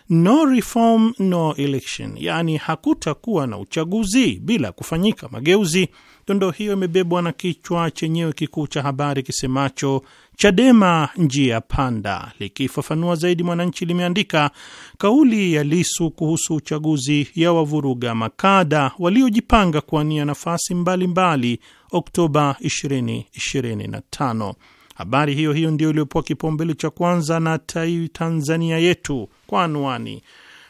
no reform no election, yaani hakutakuwa na uchaguzi bila kufanyika mageuzi. Dondoo hiyo imebebwa na kichwa chenyewe kikuu cha habari kisemacho Chadema njia panda. Likifafanua zaidi, Mwananchi limeandika kauli ya Lisu kuhusu uchaguzi ya wavuruga makada waliojipanga kuania nafasi mbalimbali Oktoba 2025. Habari hiyo hiyo ndio iliyopewa kipaumbele cha kwanza na Tai Tanzania Yetu kwa anwani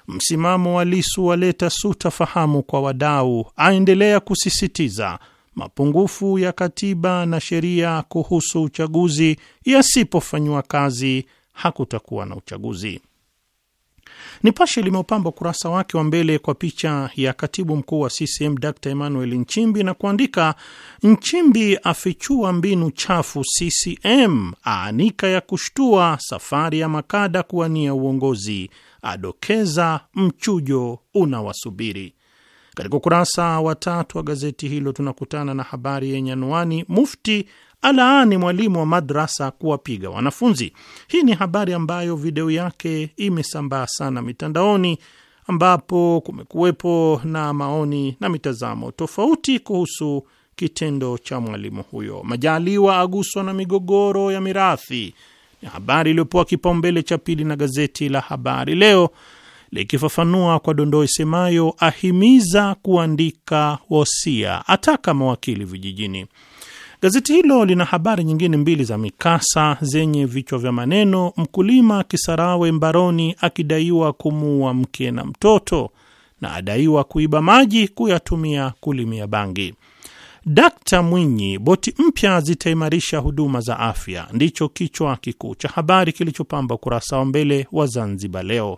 msimamo wa Lisu waleta sutafahamu kwa wadau, aendelea kusisitiza mapungufu ya katiba na sheria kuhusu uchaguzi yasipofanyiwa kazi hakutakuwa na uchaguzi. Nipashe limeupamba ukurasa wake wa mbele kwa picha ya katibu mkuu wa CCM Dr. Emmanuel Nchimbi na kuandika, Nchimbi afichua mbinu chafu CCM, aanika ya kushtua safari ya makada kuwania uongozi, adokeza mchujo unawasubiri. Katika ukurasa wa tatu wa gazeti hilo tunakutana na habari yenye anwani, Mufti alaani mwalimu wa madrasa kuwapiga wanafunzi. Hii ni habari ambayo video yake imesambaa sana mitandaoni, ambapo kumekuwepo na maoni na mitazamo tofauti kuhusu kitendo cha mwalimu huyo. Majaliwa aguswa na migogoro ya mirathi ni habari iliyopewa kipaumbele cha pili na gazeti la Habari Leo, likifafanua kwa dondoo isemayo, ahimiza kuandika wosia, ataka mawakili vijijini. Gazeti hilo lina habari nyingine mbili za mikasa zenye vichwa vya maneno: mkulima Kisarawe mbaroni akidaiwa kumuua mke na mtoto, na adaiwa kuiba maji kuyatumia kulimia bangi. Dakta Mwinyi, boti mpya zitaimarisha huduma za afya, ndicho kichwa kikuu cha habari kilichopamba ukurasa wa mbele wa Zanzibar Leo.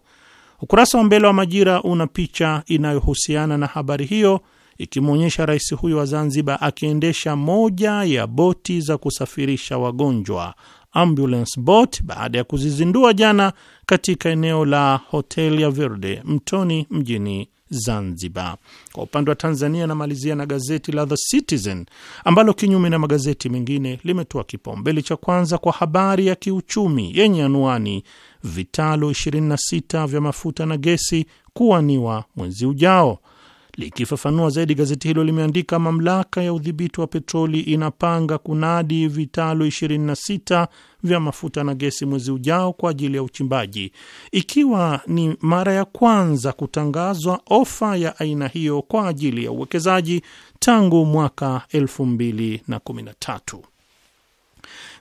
Ukurasa wa mbele wa Majira una picha inayohusiana na habari hiyo ikimwonyesha rais huyo wa Zanzibar akiendesha moja ya boti za kusafirisha wagonjwa ambulance boat baada ya kuzizindua jana katika eneo la hotel ya Verde Mtoni mjini Zanzibar. Kwa upande wa Tanzania, namalizia na gazeti la The Citizen ambalo kinyume na magazeti mengine limetoa kipaumbele cha kwanza kwa habari ya kiuchumi yenye anwani vitalu 26 vya mafuta na gesi kuaniwa mwezi ujao. Likifafanua zaidi, gazeti hilo limeandika mamlaka ya udhibiti wa petroli inapanga kunadi vitalu 26 vya mafuta na gesi mwezi ujao kwa ajili ya uchimbaji, ikiwa ni mara ya kwanza kutangazwa ofa ya aina hiyo kwa ajili ya uwekezaji tangu mwaka 2013.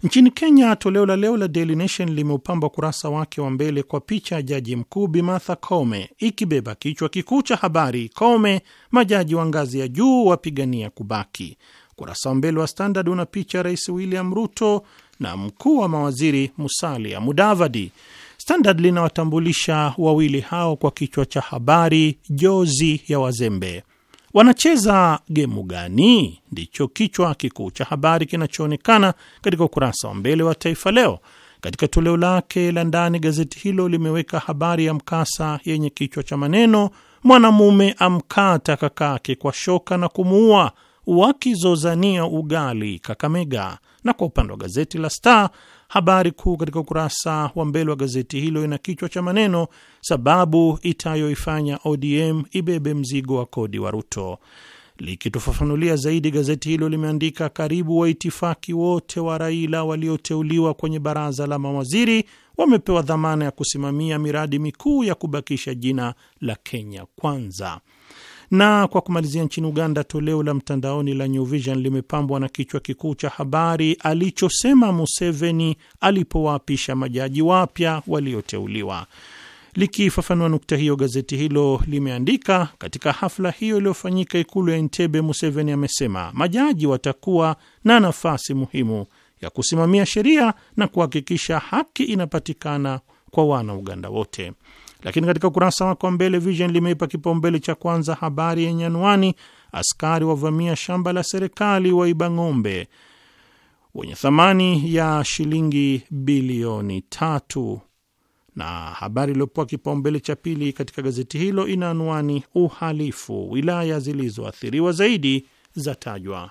Nchini Kenya, toleo la leo la Daily Nation limeupamba ukurasa wake wa mbele kwa picha ya jaji mkuu Bi Martha Koome ikibeba kichwa kikuu cha habari, Koome, majaji wa ngazi ya juu wapigania kubaki. Ukurasa wa mbele wa Standard una picha Rais William Ruto na mkuu wa mawaziri Musalia Mudavadi. Standard linawatambulisha wawili hao kwa kichwa cha habari, jozi ya wazembe. Wanacheza gemu gani? Ndicho kichwa kikuu cha habari kinachoonekana katika ukurasa wa mbele wa Taifa Leo. Katika toleo lake la ndani, gazeti hilo limeweka habari ya mkasa yenye kichwa cha maneno mwanamume amkata kakake kwa shoka na kumuua wakizozania ugali Kakamega. Na kwa upande wa gazeti la Star Habari kuu katika ukurasa wa mbele wa gazeti hilo ina kichwa cha maneno sababu itayoifanya ODM ibebe mzigo wa kodi wa Ruto. Likitufafanulia zaidi, gazeti hilo limeandika karibu waitifaki wote wa Raila walioteuliwa kwenye baraza la mawaziri wamepewa dhamana ya kusimamia miradi mikuu ya kubakisha jina la Kenya Kwanza. Na kwa kumalizia, nchini Uganda, toleo la mtandaoni la New Vision limepambwa na kichwa kikuu cha habari alichosema Museveni alipowaapisha majaji wapya walioteuliwa. Likifafanua nukta hiyo, gazeti hilo limeandika, katika hafla hiyo iliyofanyika ikulu ya Entebbe, Museveni amesema majaji watakuwa na nafasi muhimu ya kusimamia sheria na kuhakikisha haki inapatikana kwa wana Uganda wote. Lakini katika ukurasa wake wa mbele Vision limeipa kipaumbele cha kwanza habari yenye anwani askari wavamia shamba la serikali waiba ng'ombe wenye thamani ya shilingi bilioni tatu na habari iliyopewa kipaumbele cha pili katika gazeti hilo ina anwani uhalifu, wilaya zilizoathiriwa zaidi zatajwa.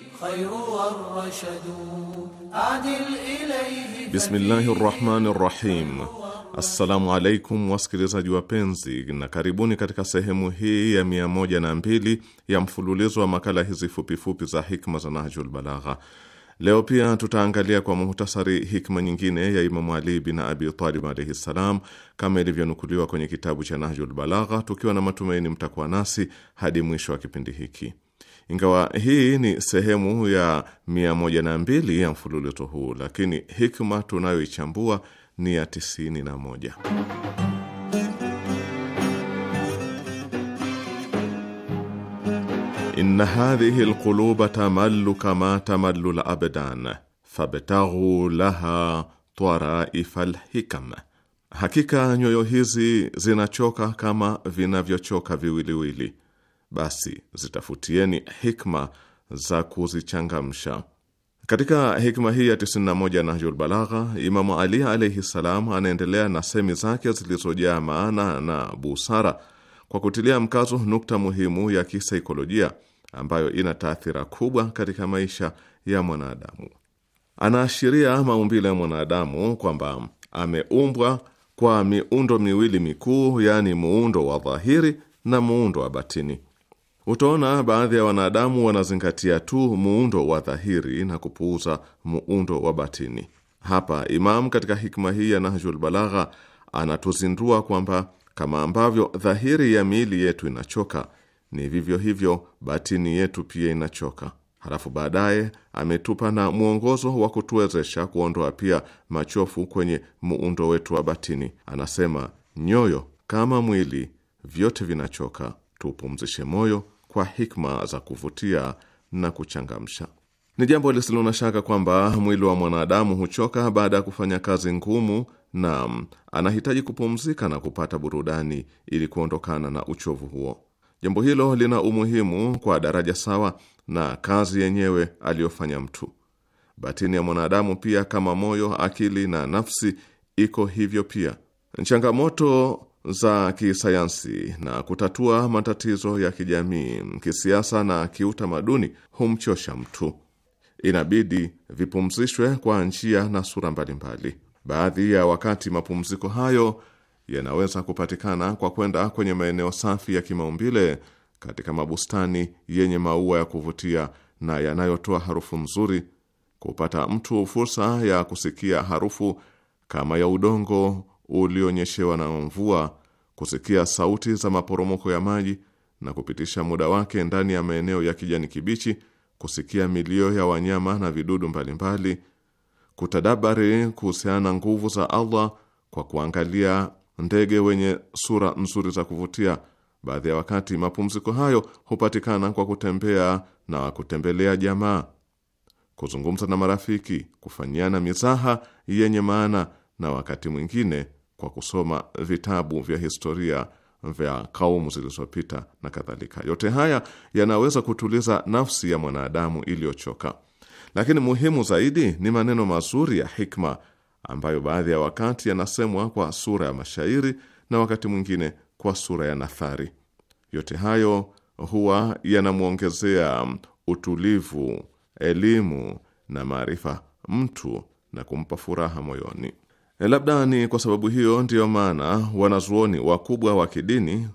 الخير والرشد Bismillahi rahmani rahim. Assalamu alaikum wasikilizaji wapenzi, na karibuni katika sehemu hii ya mia moja na mbili ya mfululizo wa makala hizi fupifupi za hikma za Nahjul Balagha. Leo pia tutaangalia kwa muhtasari hikma nyingine ya Imamu Ali bin Abi Talib alaihi ssalam, kama ilivyonukuliwa kwenye kitabu cha Nahjul Balagha, tukiwa na matumaini mtakuwa nasi hadi mwisho wa kipindi hiki. Ingawa hii ni sehemu ya mia moja na mbili ya mfululizo huu, lakini hikma tunayoichambua ni ya tisini na moja. Inna hadhihi lquluba tamallu kama tamallu labdan fabtaghu laha twaraifa lhikam, hakika nyoyo hizi zinachoka kama vinavyochoka viwiliwili basi zitafutieni hikma za kuzichangamsha. Katika hikma hii ya 91 Nahjul Balagha, Imamu Ali alaihi salam anaendelea na semi zake zilizojaa maana na busara kwa kutilia mkazo nukta muhimu ya kisaikolojia ambayo ina taathira kubwa katika maisha ya mwanadamu. Anaashiria maumbile ya mwanadamu kwamba ameumbwa kwa miundo miwili mikuu, yaani muundo wa dhahiri na muundo wa batini. Utaona baadhi ya wanadamu wanazingatia tu muundo wa dhahiri na kupuuza muundo wa batini. Hapa Imam katika hikma hii ya Nahjul Balagha anatuzindua kwamba kama ambavyo dhahiri ya miili yetu inachoka, ni vivyo hivyo batini yetu pia inachoka. Halafu baadaye ametupa na mwongozo wa kutuwezesha kuondoa pia machofu kwenye muundo wetu wa batini. Anasema nyoyo kama mwili vyote vinachoka tupumzishe moyo kwa hikma za kuvutia na kuchangamsha. Ni jambo lisilo na shaka kwamba mwili wa mwanadamu huchoka baada ya kufanya kazi ngumu na anahitaji kupumzika na kupata burudani ili kuondokana na uchovu huo. Jambo hilo lina umuhimu kwa daraja sawa na kazi yenyewe aliyofanya mtu. Batini ya mwanadamu pia, kama moyo, akili na nafsi, iko hivyo pia. Changamoto za kisayansi na kutatua matatizo ya kijamii, kisiasa na kiutamaduni humchosha mtu. Inabidi vipumzishwe kwa njia na sura mbalimbali. Baadhi ya wakati mapumziko hayo yanaweza kupatikana kwa kwenda kwenye maeneo safi ya kimaumbile katika mabustani yenye maua ya kuvutia na yanayotoa harufu nzuri, kupata mtu fursa ya kusikia harufu kama ya udongo ulionyeshewa na mvua, kusikia sauti za maporomoko ya maji na kupitisha muda wake ndani ya maeneo ya kijani kibichi, kusikia milio ya wanyama na vidudu mbalimbali, kutadabari kuhusiana na nguvu za Allah kwa kuangalia ndege wenye sura nzuri za kuvutia. Baadhi ya wakati mapumziko hayo hupatikana kwa kutembea na kutembelea jamaa, kuzungumza na marafiki, kufanyiana mizaha yenye maana, na wakati mwingine kwa kusoma vitabu vya historia vya kaumu zilizopita na kadhalika. Yote haya yanaweza kutuliza nafsi ya mwanadamu iliyochoka, lakini muhimu zaidi ni maneno mazuri ya hikma ambayo baadhi ya wakati yanasemwa kwa sura ya mashairi na wakati mwingine kwa sura ya nathari. Yote hayo huwa yanamwongezea utulivu, elimu na maarifa mtu na kumpa furaha moyoni. Eh, labda ni kwa sababu hiyo ndiyo maana wanazuoni wakubwa wa kidini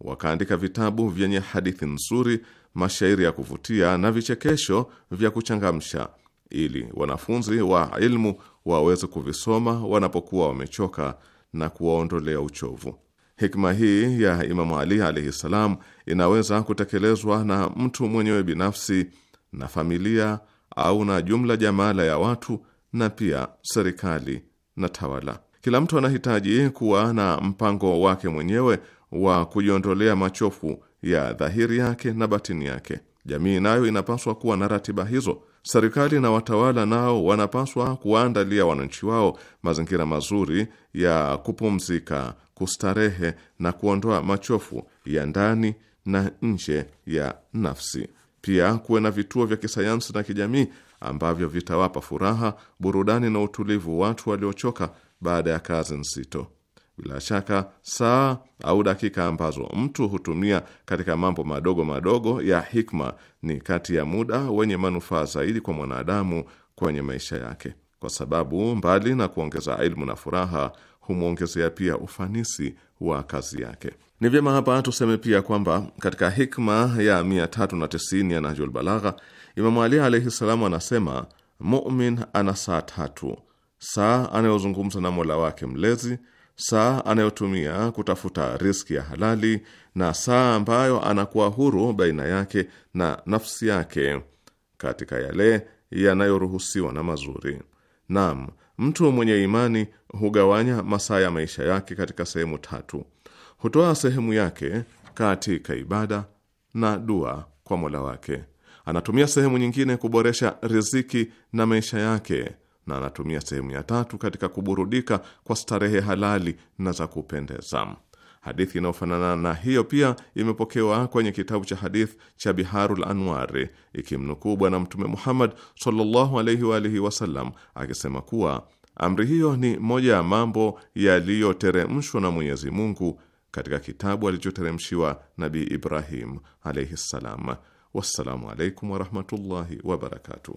wakaandika vitabu vyenye hadithi nzuri, mashairi ya kuvutia na vichekesho vya kuchangamsha, ili wanafunzi wa ilmu waweze kuvisoma wanapokuwa wamechoka na kuwaondolea uchovu. Hikma hii ya Imamu Ali alaihi salam inaweza kutekelezwa na mtu mwenyewe binafsi na familia au na jumla jamala ya watu na pia serikali na tawala. Kila mtu anahitaji kuwa na mpango wake mwenyewe wa kujiondolea machofu ya dhahiri yake na batini yake. Jamii nayo inapaswa kuwa na ratiba hizo. Serikali na watawala nao wanapaswa kuwaandalia wananchi wao mazingira mazuri ya kupumzika, kustarehe na kuondoa machofu ya ndani na nje ya nafsi. Pia kuwe na vituo vya kisayansi na kijamii ambavyo vitawapa furaha, burudani na utulivu watu waliochoka baada ya kazi nzito. Bila shaka saa au dakika ambazo mtu hutumia katika mambo madogo madogo ya hikma ni kati ya muda wenye manufaa zaidi kwa mwanadamu kwenye maisha yake, kwa sababu mbali na kuongeza ilmu na furaha, humwongezea pia ufanisi wa kazi yake. Ni vyema hapa tuseme pia kwamba katika hikma ya 390 ya Nahjul Balagha, Imamu Ali alaihi ssalam anasema mumin ana saa tatu: saa anayozungumza na mola wake mlezi, saa anayotumia kutafuta riski ya halali, na saa ambayo anakuwa huru baina yake na nafsi yake katika yale yanayoruhusiwa na mazuri. Naam, Mtu mwenye imani hugawanya masaa ya maisha yake katika sehemu tatu. Hutoa sehemu yake katika ibada na dua kwa Mola wake, anatumia sehemu nyingine kuboresha riziki na maisha yake, na anatumia sehemu ya tatu katika kuburudika kwa starehe halali na za kupendeza. Hadithi inayofanana na hiyo pia imepokewa kwenye kitabu cha hadith cha Biharul Anwari ikimnukuu Bwana Mtume Muhammad sallallahu alaihi wa alihi wasallam akisema kuwa amri hiyo ni moja ya mambo yaliyoteremshwa na Mwenyezi Mungu katika kitabu alichoteremshiwa Nabii Ibrahim alaihi ssalam. Wassalamu alaikum warahmatullahi wabarakatuh.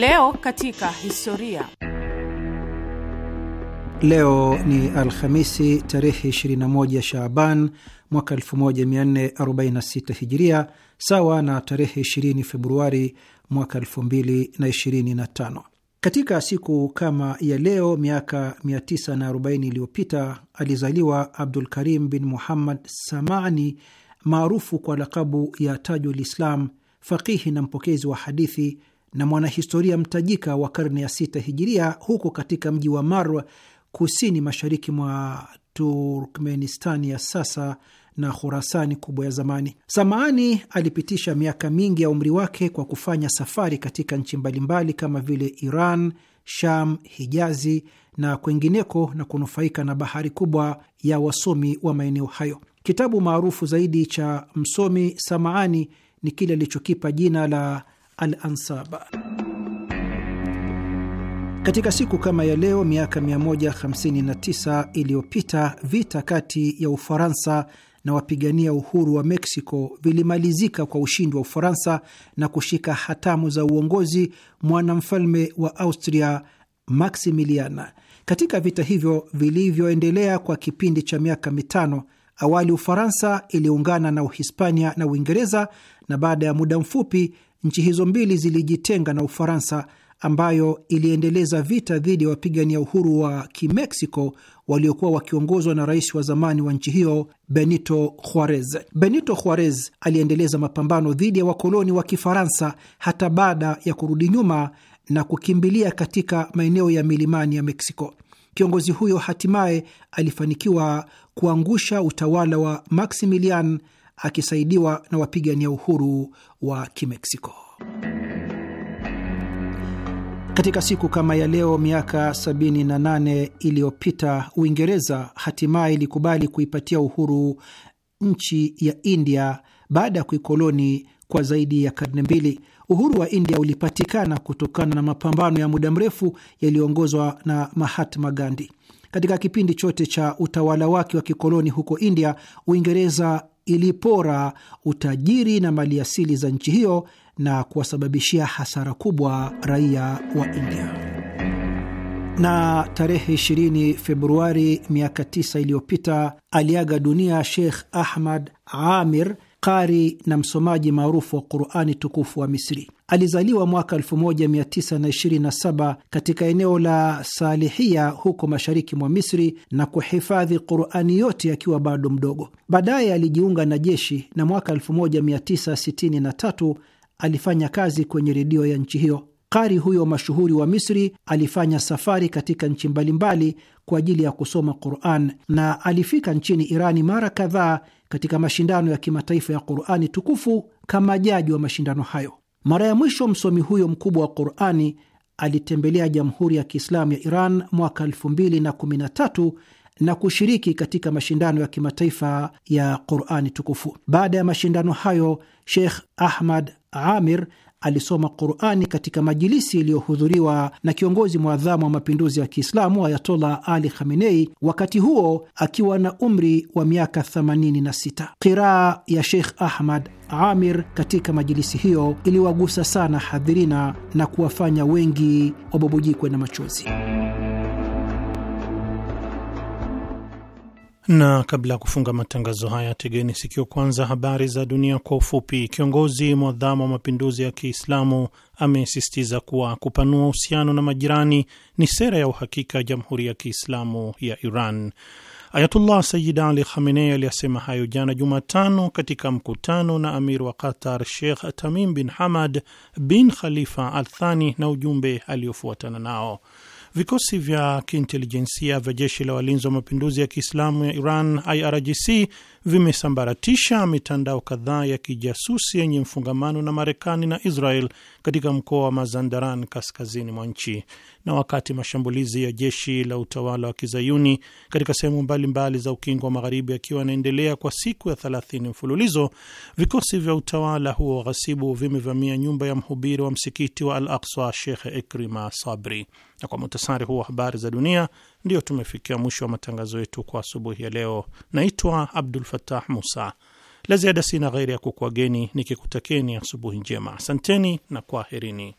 Leo katika historia. Leo ni Alhamisi tarehe 21 Shaaban mwaka 1446 Hijiria, sawa na tarehe 20 Februari mwaka 2025. Katika siku kama ya leo miaka 940 iliyopita alizaliwa Abdul Karim bin Muhammad Samani, maarufu kwa lakabu ya Tajul Islam, faqihi na mpokezi wa hadithi na mwanahistoria mtajika wa karne ya sita hijiria huko katika mji wa Marwa kusini mashariki mwa Turkmenistani ya sasa na Khurasani kubwa ya zamani. Samaani alipitisha miaka mingi ya umri wake kwa kufanya safari katika nchi mbalimbali kama vile Iran, Sham, Hijazi na kwengineko na kunufaika na bahari kubwa ya wasomi wa maeneo hayo. Kitabu maarufu zaidi cha msomi Samaani ni kile alichokipa jina la Al-Ansaba. Katika siku kama ya leo miaka 159 iliyopita vita kati ya Ufaransa na wapigania uhuru wa Meksiko vilimalizika kwa ushindi wa Ufaransa na kushika hatamu za uongozi mwanamfalme wa Austria Maximiliana. Katika vita hivyo vilivyoendelea kwa kipindi cha miaka mitano, awali Ufaransa iliungana na Uhispania na Uingereza na baada ya muda mfupi Nchi hizo mbili zilijitenga na Ufaransa ambayo iliendeleza vita dhidi ya wapigania uhuru wa Kimeksiko waliokuwa wakiongozwa na rais wa zamani wa nchi hiyo Benito Juarez. Benito Juarez aliendeleza mapambano dhidi ya wakoloni wa Kifaransa hata baada ya kurudi nyuma na kukimbilia katika maeneo ya milimani ya Meksiko. Kiongozi huyo hatimaye alifanikiwa kuangusha utawala wa Maximilian akisaidiwa na wapigania uhuru wa Kimeksiko. Katika siku kama ya leo miaka 78 iliyopita Uingereza hatimaye ilikubali kuipatia uhuru nchi ya India baada ya kuikoloni kwa zaidi ya karne mbili. Uhuru wa India ulipatikana kutokana na mapambano ya muda mrefu yaliyoongozwa na Mahatma Gandhi. Katika kipindi chote cha utawala wake wa kikoloni huko India, Uingereza ilipora utajiri na maliasili za nchi hiyo na kuwasababishia hasara kubwa raia wa India. Na tarehe 20 Februari miaka 9 iliyopita aliaga dunia Sheikh Ahmad Amir qari na msomaji maarufu wa Qurani tukufu wa Misri. Alizaliwa mwaka 1927 katika eneo la Salihia huko mashariki mwa Misri na kuhifadhi Qurani yote akiwa bado mdogo. Baadaye alijiunga na jeshi na mwaka 1963 alifanya kazi kwenye redio ya nchi hiyo. Qari huyo mashuhuri wa Misri alifanya safari katika nchi mbalimbali kwa ajili ya kusoma Quran na alifika nchini Irani mara kadhaa katika mashindano ya kimataifa ya Qurani tukufu kama jaji wa mashindano hayo. Mara ya mwisho msomi huyo mkubwa wa Qurani alitembelea Jamhuri ya Kiislamu ya Iran mwaka 2013 na kushiriki katika mashindano ya kimataifa ya Qurani tukufu. Baada ya mashindano hayo, Sheikh Ahmad Amir alisoma Qurani katika majilisi iliyohudhuriwa na kiongozi mwadhamu wa mapinduzi ya Kiislamu Ayatola Ali Khamenei, wakati huo akiwa na umri wa miaka 86. Qiraa ya Sheikh Ahmad Amir katika majilisi hiyo iliwagusa sana hadhirina na kuwafanya wengi wabubujikwe na machozi. Na kabla ya kufunga matangazo haya, tegeni sikio kwanza habari za dunia kwa ufupi. Kiongozi mwadhamu wa mapinduzi ya Kiislamu amesisitiza kuwa kupanua uhusiano na majirani ni sera ya uhakika ya Jamhuri ya Kiislamu ya Iran. Ayatullah Sayyid Ali Khamenei aliyasema hayo jana Jumatano katika mkutano na amir wa Qatar Sheikh Tamim bin Hamad bin Khalifa Al Thani na ujumbe aliofuatana nao. Vikosi vya kiintelijensia vya jeshi la walinzi wa mapinduzi ya Kiislamu ya Iran, IRGC, vimesambaratisha mitandao kadhaa ya kijasusi yenye mfungamano na Marekani na Israel katika mkoa wa Mazandaran, kaskazini mwa nchi. Na wakati mashambulizi ya jeshi la utawala wa kizayuni katika sehemu mbalimbali za ukingo wa magharibi yakiwa yanaendelea kwa siku ya 30 mfululizo, vikosi vya utawala huo ghasibu vimevamia nyumba ya mhubiri wa msikiti wa Al Aksa, Shekh Ikrima Sabri. Na kwa muhtasari huu wa habari za dunia, ndiyo tumefikia mwisho wa matangazo yetu kwa asubuhi ya leo. Naitwa Abdul Fattah Musa. La ziada sina ghairi ya kukwageni nikikutakeni asubuhi njema. Asanteni na kwaherini.